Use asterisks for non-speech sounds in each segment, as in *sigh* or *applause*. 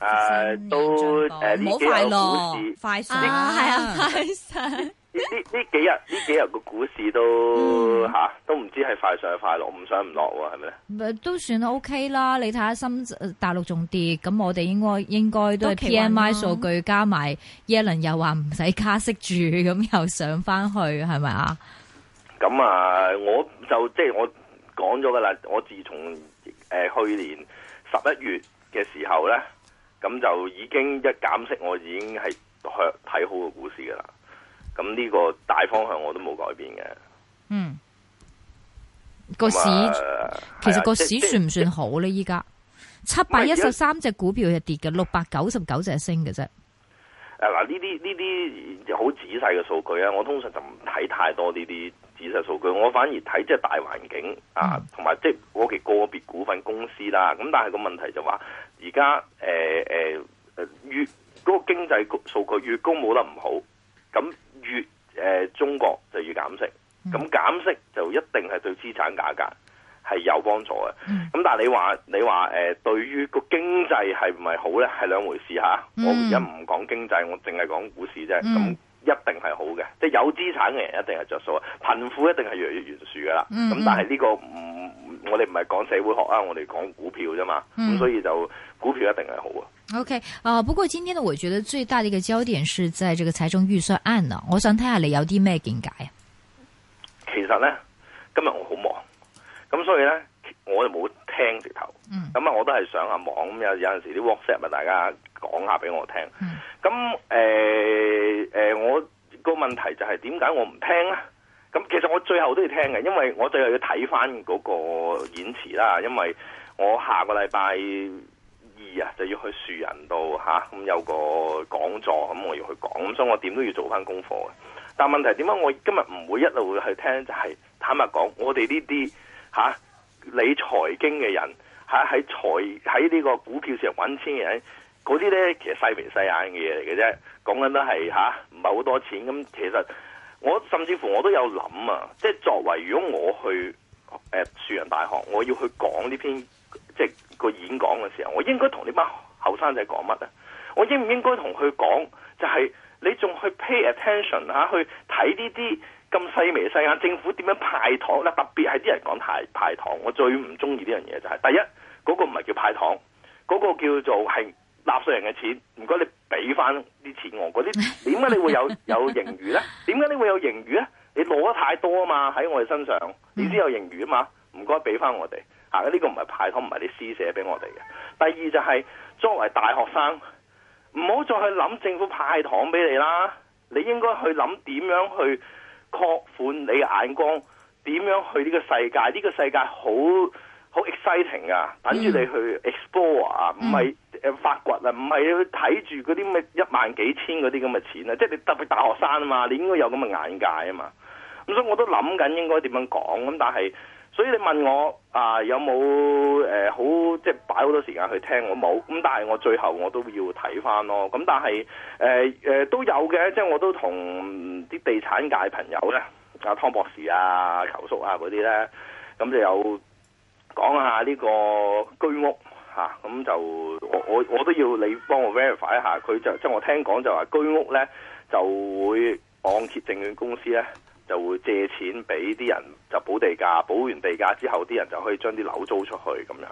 誒、啊，都誒好、啊、幾日股市快上係啊，快上呢呢幾日呢幾日個股市都吓、嗯啊、都唔知係快上快落，唔上唔落喎，係咪？都算 O、OK、K 啦。你睇下深大陸仲跌，咁我哋應該應該都 P M I 數據加埋耶倫又話唔使加息住，咁又上翻去係咪啊？咁啊，我就即係我講咗噶啦。我自從誒去年十一月嘅時候咧。咁就已經一減息，我已經係睇好個股市噶啦。咁呢個大方向我都冇改變嘅。嗯，個市、啊、其實個市、啊、算唔算好呢？依家七百一十三隻股票係跌嘅，六百九十九隻升嘅啫。嗱，呢啲呢啲好仔細嘅數據啊！我通常就唔睇太多呢啲仔細數據，我反而睇即係大環境、嗯、啊，同埋即係我嘅個別股份公司啦。咁但係個問題就話、是。而家誒誒越嗰，那個經濟數據越高冇得唔好，咁越、呃、中國就要減息，咁減息就一定係對資產價格係有幫助嘅。咁、嗯、但係你話你話誒、呃、對於個經濟係唔係好呢？係兩回事吓。我而家唔講經濟，我淨係講股市啫咁。一定係好嘅，即係有資產嘅人一定係着數啊，貧富一定係越嚟越懸殊噶啦。咁、嗯、但係、這、呢個唔，我哋唔係講社會學啊，我哋講股票啫嘛。咁、嗯、所以就股票一定係好啊。OK 啊，不過今天呢，我覺得最大的一個焦點是在這個財政預算案啊。我想睇下你有啲咩見解啊。其實呢，今日我好忙，咁所以呢，我就冇。直、嗯、頭，咁啊，我都係上下網咁，有有陣時啲 WhatsApp 咪大家講下俾我聽。咁誒誒，我個問題就係點解我唔聽咧？咁其實我最後都要聽嘅，因為我最後要睇翻嗰個演詞啦。因為我下個禮拜二啊就要去樹人度吓，咁、啊、有個講座，咁、嗯、我要去講，咁所以我點都要做翻功課。但係問題，點解我今日唔會一路去聽？就係、是、坦白講，我哋呢啲吓。理財經嘅人喺喺財喺呢個股票上揾錢嘅人，嗰啲咧，其實細眉細眼嘅嘢嚟嘅啫，講緊都係吓，唔係好多錢。咁其實我甚至乎我都有諗、就是、啊，即係作為如果我去誒樹仁大學，我要去講呢篇即係、就是、個演講嘅時候，我應該同呢班後生仔講乜咧？我應唔應該同佢講就係、是、你仲去 pay attention 嚇、啊、去睇呢啲？咁細微細眼，政府點樣派糖？呢？特別係啲人講派派糖，我最唔中意呢樣嘢就係、是、第一，嗰、那個唔係叫派糖，嗰、那個叫做係納稅人嘅錢，唔該你俾翻啲錢我，嗰啲點解你會有有盈餘咧？點解你會有盈餘咧？你攞得太多啊嘛，喺我哋身上，你先有盈餘啊嘛，唔該俾翻我哋。啊、這個，呢個唔係派糖，唔係啲施捨俾我哋嘅。第二就係、是、作為大學生，唔好再去諗政府派糖俾你啦，你應該去諗點樣去，擴寬你嘅眼光，點樣去呢個世界？呢個世界好好 exciting 啊！等住你去 explore 啊，唔係誒發掘啊，唔係去睇住嗰啲咩一萬幾千嗰啲咁嘅錢啊！即係你特別大學生啊嘛，你應該有咁嘅眼界啊嘛。咁所以我都諗緊應該點樣講，咁但係。所以你問我啊，有冇誒、呃、好即係擺好多時間去聽？我冇咁，但係我最後我都要睇翻咯。咁但係誒、呃呃、都有嘅，即係我都同啲地產界朋友咧，阿、啊、湯博士啊、球叔啊嗰啲咧，咁就有講下呢個居屋咁、啊、就我我我都要你幫我 verify 一下，佢就即係我聽講就話居屋咧就會按揭證券公司咧。就會借錢俾啲人就補地價，補完地價之後啲人就可以將啲樓租出去咁樣。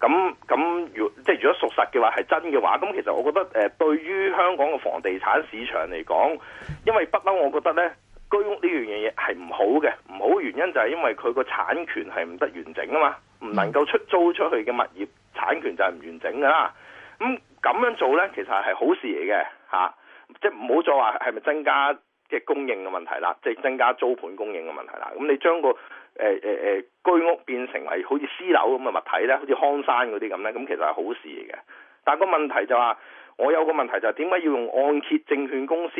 咁咁，如、即係如果屬實嘅話係真嘅話，咁其實我覺得誒、呃，對於香港嘅房地產市場嚟講，因為不嬲，我覺得呢居屋呢樣嘢係唔好嘅，唔好原因就係因為佢個產權係唔得完整啊嘛，唔能夠出租出去嘅物業產權就係唔完整噶啦。咁咁樣做呢，其實係好事嚟嘅吓，即係唔好再話係咪增加。即係供應嘅問題啦，即係增加租盤供應嘅問題啦。咁你將個誒誒誒居屋變成為好似私樓咁嘅物體咧，好似康山嗰啲咁咧，咁其實係好事嚟嘅。但係個問題就話、係，我有個問題就係點解要用按揭證券公司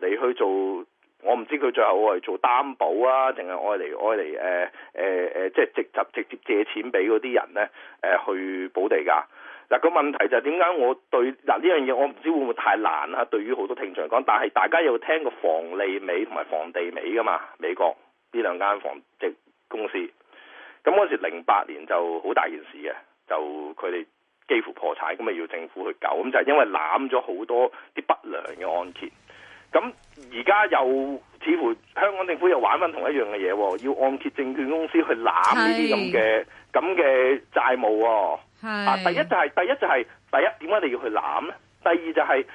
嚟去做？我唔知佢最後係愛嚟做擔保啊，定係愛嚟愛嚟誒誒誒，即係直接直接借錢俾嗰啲人咧誒、呃、去補地價。嗱、那個問題就係點解我對嗱呢樣嘢我唔知會唔會太難啊？對於好多聽眾嚟講，但係大家有聽過房利美同埋房地美噶嘛？美國呢兩間房值公司，咁嗰時零八年就好大件事嘅，就佢哋幾乎破產，咁咪要政府去救，咁就係因為攬咗好多啲不良嘅按揭。咁而家又似乎香港政府又玩翻同一樣嘅嘢，要按揭證券公司去攬呢啲咁嘅咁嘅債務喎。是啊！第一就係、是，第一就係、是，第一點解你要去攬咧？第二就係、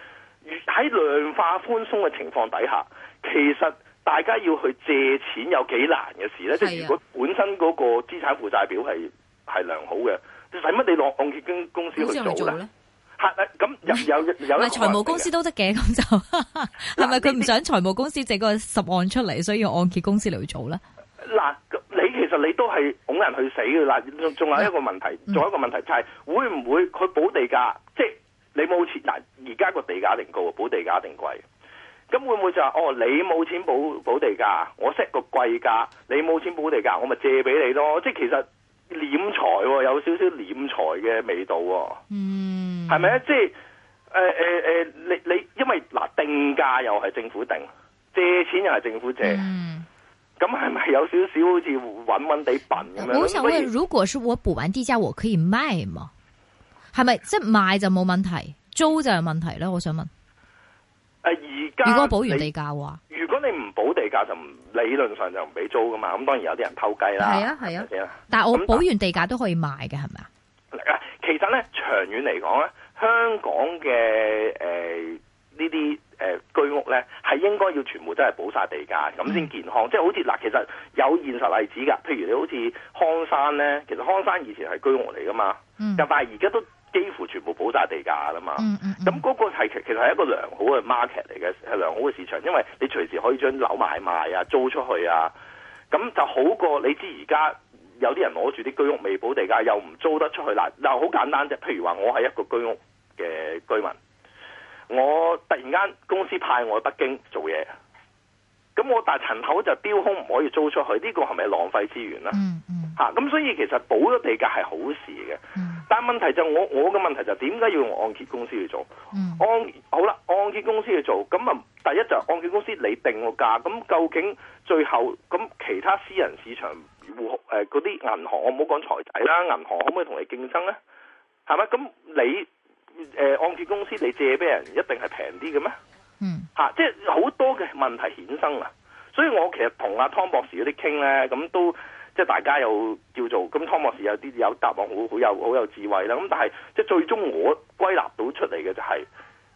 是，喺量化寬鬆嘅情況底下，其實大家要去借錢有幾難嘅事咧、啊？即係如果本身嗰個資產負債表係係良好嘅，使乜你落按揭公司去做咧？吓！咁有有有咧？財務公司都得嘅，咁就係咪佢唔想財務公司借個十萬出嚟，所以按揭公司嚟做咧？ *laughs* 其實你都係拱人去死噶啦。仲有一個問題，仲有一個問題就係會唔會佢補地價？即係你冇錢，而而家個地價定高啊？補地價定貴？咁會唔會就話哦？你冇錢補補地價，我 set 個貴價，你冇錢補地價，我咪借俾你咯？即係其實斂財、哦，有少少斂財嘅味道、哦，係咪啊？即係誒誒誒，你你因為嗱、呃，定價又係政府定，借錢又係政府借。嗯咁係咪有少少好似搵搵地笨咁樣？我想問，如果是我補完地價，我可以賣嗎？係咪？即係賣就冇問題，租就有問題啦，我想問。誒，而家如果補完地價，如果你唔補地價就理論上就唔俾租噶嘛？咁當然有啲人偷雞啦。係啊係啊。啊是是但係我補完地價都可以賣嘅，係咪啊？啊，其實咧，長遠嚟講咧，香港嘅誒呢啲。呃誒居屋咧，係應該要全部都係補晒地價，咁先健康。嗯、即係好似嗱，其實有現實例子㗎。譬如你好似康山咧，其實康山以前係居屋嚟噶嘛，嗯、但係而家都幾乎全部補晒地價啦嘛，咁、嗯、嗰、嗯嗯、個係其實係一個良好嘅 market 嚟嘅，係良好嘅市場，因為你隨時可以將樓買賣啊、租出去啊，咁就好過你知而家有啲人攞住啲居屋未補地價，又唔租得出去。嗱嗱，好簡單啫。譬如話，我係一個居屋嘅居民。我突然間公司派我去北京做嘢，咁我大係陳口就丟空唔可以租出去，呢、這個係咪浪費資源咧？吓、mm、咁 -hmm. 啊、所以其實補咗地價係好事嘅。Mm -hmm. 但係問題就我我嘅問題就點解要用按揭公司去做？Mm -hmm. 按好啦，按揭公司去做，咁啊第一就係按揭公司你定個價，咁究竟最後咁其他私人市場戶誒嗰啲銀行，我唔好講財仔啦，銀行可唔可以同你競爭咧？係咪咁你？誒、呃，按揭公司你借俾人一定係平啲嘅咩？嗯，吓、啊，即係好多嘅問題衍生啊！所以我其實同阿、啊、湯博士嗰啲傾咧，咁都即係大家又叫做咁，湯博士有啲有答案，好好有好有智慧啦。咁但係即係最終我歸納到出嚟嘅就係、是，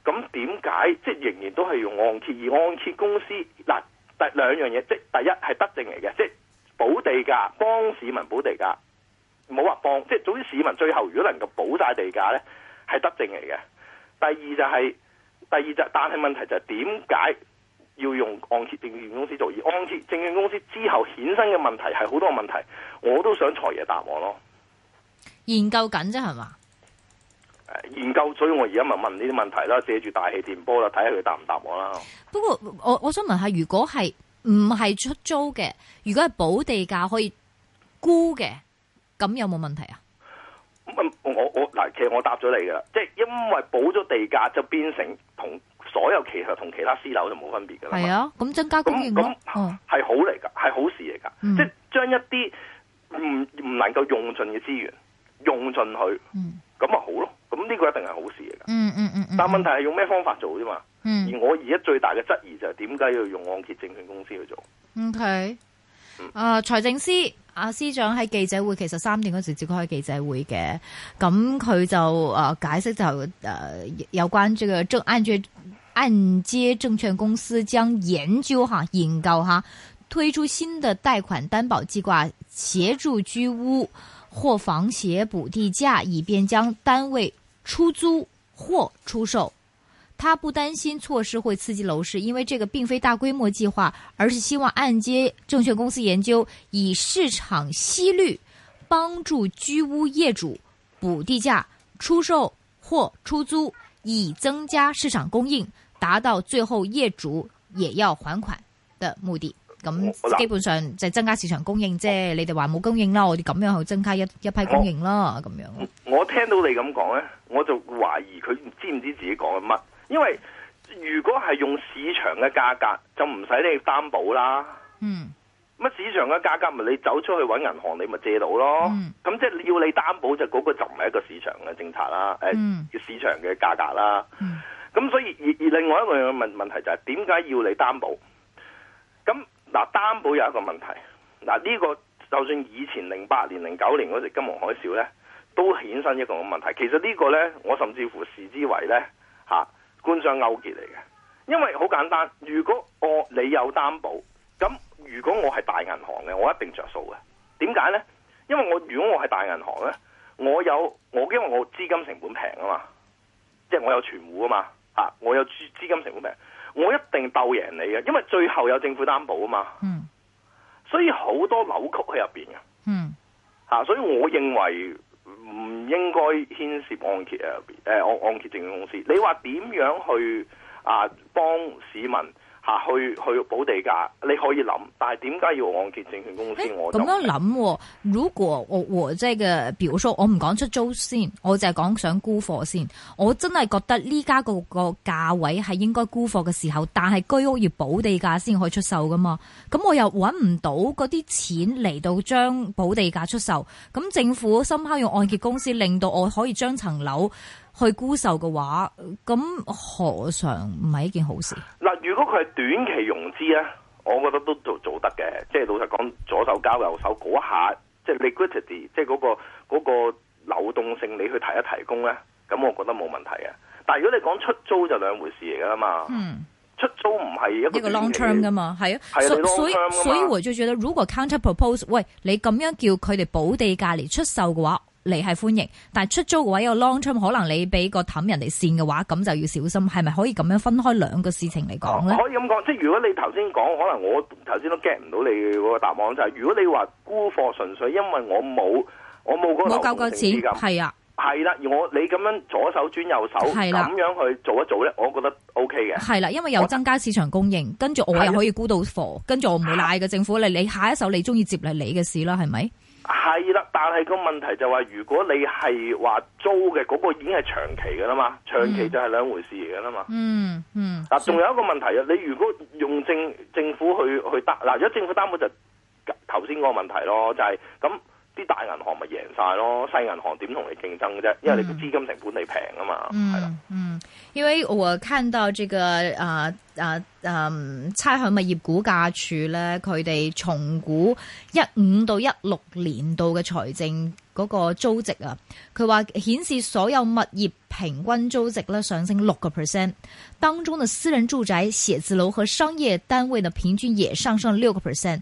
咁點解即係仍然都係用按揭？而按揭公司嗱，第兩樣嘢，即係第一係德政嚟嘅，即係補地價，幫市民補地價。冇話幫，即係總之市民最後如果能夠補晒地價咧。係德政嚟嘅，第二就係、是、第二就是，但係問題就係點解要用按揭證券公司做？而按揭證券公司之後衍生嘅問題係好多問題，我都想財爺答我咯。研究緊啫，係嘛？研究，所以我而家咪問呢啲問題啦，借住大氣電波啦，睇下佢答唔答我啦。不過我我想問下，如果係唔係出租嘅，如果係補地價可以沽嘅，咁有冇問題啊？我我嗱，其實我答咗你噶啦，即係因為補咗地價，就變成同所有其實同其他私樓就冇分別噶啦。係啊，咁增加供應量係好嚟噶，係、哦、好事嚟噶、嗯。即係將一啲唔唔能夠用盡嘅資源用盡佢，咁、嗯、咪好咯。咁呢個一定係好事嚟噶。嗯嗯嗯，嗯。但係問題係用咩方法做啫嘛，嗯？而我而家最大嘅質疑就係點解要用按揭證券公司去做？唔係。啊，財政司啊司長喺記者會，其實三點嗰時召開記者會嘅，咁佢就啊解釋就誒、啊、有關這個證按揭按揭證券公司將研究哈，研究哈推出新的貸款擔保計劃，協助居屋或房協補地價，以便將單位出租或出售。他不擔心措施會刺激樓市，因為這個並非大規模計劃，而是希望按揭證券公司研究以市場息率幫助居屋業主補地價出售或出租，以增加市場供應，達到最後業主也要還款的目的。咁基本上就增加市場供應，啫，你哋話冇供應啦，我哋咁樣去增加一一批供應啦，咁樣我。我聽到你咁講咧，我就懷疑佢知唔知自己講緊乜。因為如果係用市場嘅價格，就唔使你擔保啦。嗯。乜市場嘅價格咪你走出去揾銀行，你咪借到咯。咁、嗯、即係要你擔保，就、那、嗰個就唔係一個市場嘅政策啦。誒、嗯，市場嘅價格啦。咁、嗯、所以而而另外一個問問題就係點解要你擔保？咁嗱，擔保有一個問題，嗱呢、這個就算以前零八年、零九年嗰隻金融海嘯呢，都衍生一個問題。其實呢個呢，我甚至乎視之為呢。吓。商勾結嚟嘅，因為好簡單。如果我你有擔保，咁如果我係大銀行嘅，我一定着數嘅。點解呢？因為我如果我係大銀行呢，我有我因為我資金成本平啊嘛，即係我有存戶啊嘛，啊我有資金成本平，我一定鬥贏你嘅，因為最後有政府擔保啊嘛。嗯。所以好多扭曲喺入邊嘅。嗯。吓，所以我認為。唔應該牽涉按揭。呃、按揭證券公司，你話點樣去啊幫市民？吓、啊，去去補地價，你可以諗，但係點解要按揭證券公司？我咁樣諗、啊，如果我我即係嘅，表叔，說我唔講出租先，我就係講想沽貨先，我真係覺得呢家個個價位係應該沽貨嘅時候，但係居屋要補地價先可以出售噶嘛，咁我又揾唔到嗰啲錢嚟到將補地價出售，咁政府深刻用按揭公司令到我可以將層樓。去沽售嘅話，咁何嘗唔係一件好事？嗱，如果佢係短期融資咧，我覺得都做做得嘅，即係老實講，左手交右手嗰下，即係 liquidity，即係嗰個嗰個流動性，你去提一提供咧，咁我覺得冇問題啊。但如果你講出租就兩回事嚟噶啦嘛，出租唔係一個 long term 噶嘛，係啊，所以所以我就覺得，如果 counter propose，喂，你咁樣叫佢哋保地價嚟出售嘅話，你係歡迎，但出租嘅話有 long term，可能你俾個氹人哋線嘅話，咁就要小心。係咪可以咁樣分開兩個事情嚟講咧？啊？可以咁講，即係如果你頭先講，可能我頭先都 get 唔到你個答案，就係、是、如果你話沽貨純粹因為我冇，我冇嗰個樓市資金，係啊，啦、啊，啊、而我你咁樣左手轉右手咁、啊、樣去做一做咧，我覺得 OK 嘅。係啦、啊，因為又增加市場供應，跟住我又可以沽到貨，跟住、啊、我唔會賴嘅政府。你、啊、你下一手你中意接你嘅事啦，係咪？係啦，但係個問題就話，如果你係話租嘅嗰個已經係長期嘅啦嘛，長期就係兩回事嚟嘅啦嘛。嗯嗯。嗱，仲有一個問題啊，你如果用政政府去去擔，嗱，如果政府擔保就頭先個問題咯，就係咁啲大銀行咪贏晒咯，細銀行點同你競爭嘅啫？因為你個資金成本你平啊嘛。嗯嗯。嗯因為我看到這個誒誒誒，差餉物業估價署咧，佢哋重估一五到一六年度嘅財政嗰個租值啊，佢話顯示所有物業平均租值咧上升六個 percent，當中的私人住宅、寫字樓和商業單位嘅平均也上升六個 percent。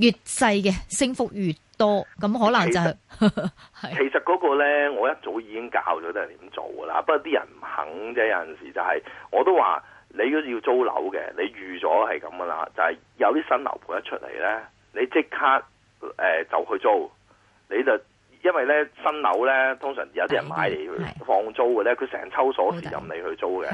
越細嘅升幅越多，咁可能就係、是、其實嗰 *laughs* 個呢，我一早已經教咗都係點做噶啦，不過啲人唔肯啫。有陣時就係、是、我都話，你如果要租樓嘅，你預咗係咁噶啦，就係、是、有啲新樓盤一出嚟呢，你即刻誒、呃、就去租，你就因為呢，新樓呢，通常有啲人買嚟放租嘅呢，佢成抽鎖匙任你去租嘅。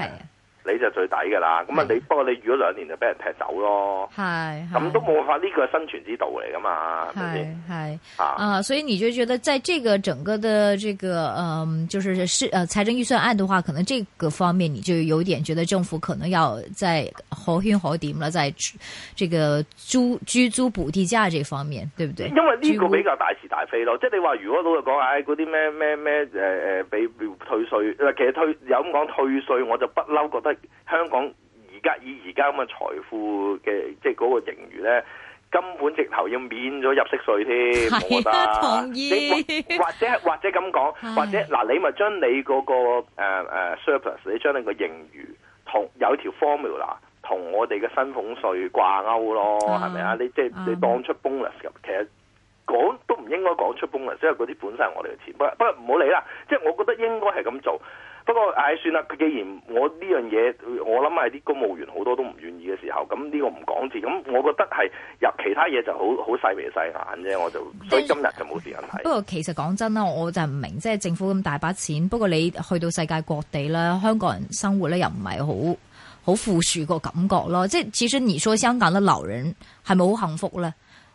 你就最抵噶啦，咁啊你不過你預咗兩年就俾人踢走咯，係咁都冇法，呢、這個生存之道嚟噶嘛，係係啊，所以你就覺得，在這個整個的這個嗯，就是市呃、啊、財政預算案的話，可能這個方面你就有點覺得政府可能要在可圈可點啦，在這個租居租，租，租補地價這方面，對唔對？因為呢個比較大是大非咯，即係你話如果老實講，唉嗰啲咩咩咩誒誒俾退稅、呃，其實退有咁講退稅，我就不嬲覺得。香港而家以而家咁嘅財富嘅即係嗰個盈餘咧，根本直頭要免咗入息稅添，啊，我覺得。同意。或者或者咁講，或者嗱，你咪將你嗰、嗰個誒、uh, uh, surplus，你將你個盈餘同有條 formula 同我哋嘅薪俸稅掛鈎咯，係咪啊？你即係、嗯、你當出 bonus 噉，其實講都唔應該講出 bonus，因為嗰啲本身係我哋嘅錢。不不，唔好理啦。即、就、係、是、我覺得應該係咁做。不過唉，算啦。既然我呢樣嘢，我諗係啲公務員好多都唔願意嘅時候，咁、呢、呢個唔講字。咁我覺得係入其他嘢，就好好細眉細眼啫。我就所以今日就冇時間睇。不過其實講真啦，我就唔明，即係政府咁大把錢，不過你去到世界各地啦，香港人生活咧又唔係好好富庶個感覺咯。即係其實而說香港得老人係咪好幸福咧？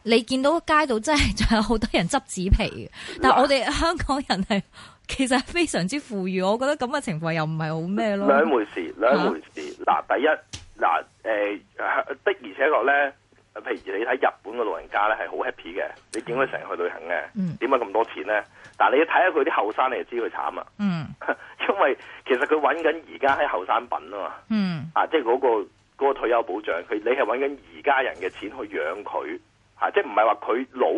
你見到街道真係仲有好多人執紙皮，但我哋香港人係其實非常之富裕，我覺得咁嘅情況又唔係好咩咯。兩回事，兩回事。嗱、啊，第一嗱，誒、呃、的而且確咧，譬如你睇日本嘅老人家咧係好 happy 嘅，你點解成日去旅行嘅？點解咁多錢咧？但係你要睇下佢啲後生，你就知佢慘啊！嗯，因為其實佢揾緊而家喺後生品啊嘛。嗯，啊，即係嗰個嗰、嗰個、退休保障，佢你係揾緊而家人嘅錢去養佢。即係唔係話佢老，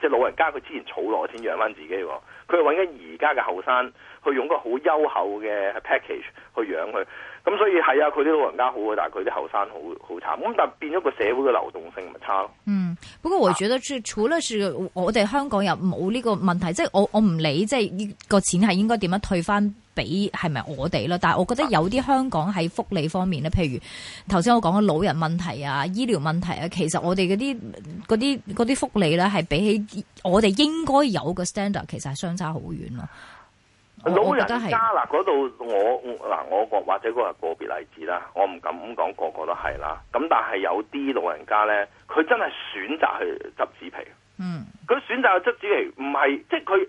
即係老人家佢之前儲落錢養翻自己，佢係搵緊而家嘅後生去用個好優厚嘅 package 去養佢，咁所以係啊，佢啲老人家好啊，但係佢啲後生好好慘，咁但係變咗個社會嘅流動性咪差咯。嗯，不過我覺得即係除咗，是我哋香港又冇呢個問題，即、啊、係、就是、我我唔理，即係呢個錢係應該點樣退翻。比係咪我哋咯？但係我覺得有啲香港喺福利方面咧，譬如頭先我講嘅老人問題啊、醫療問題啊，其實我哋嗰啲嗰啲嗰啲福利咧，係比起我哋應該有嘅 standard 其實係相差好遠咯。老人家喺嗰度，我嗱、啊、我個或者個個別例子啦，我唔敢講個個都係啦。咁但係有啲老人家咧，佢真係選擇去執紙皮。嗯，佢選擇去執紙皮，唔係即係佢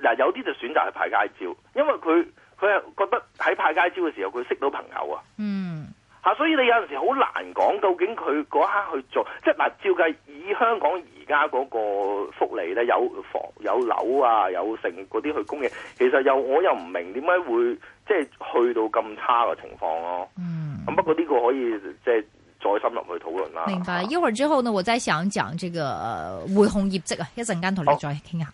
嗱有啲就選擇去派街招，因為佢。佢又覺得喺派街招嘅時候，佢識到朋友啊，嗯，吓、啊，所以你有陣時好難講，究竟佢嗰刻去做，即係嗱、啊，照計以香港而家嗰個福利咧，有房有樓啊，有剩嗰啲去供嘅，其實又我又唔明點解會即係去到咁差嘅情況咯。嗯，咁不過呢個可以即係再深入去討論啦。明白。一會兒之後呢，我再想講呢個匯控業績啊，一陣間同你再傾下。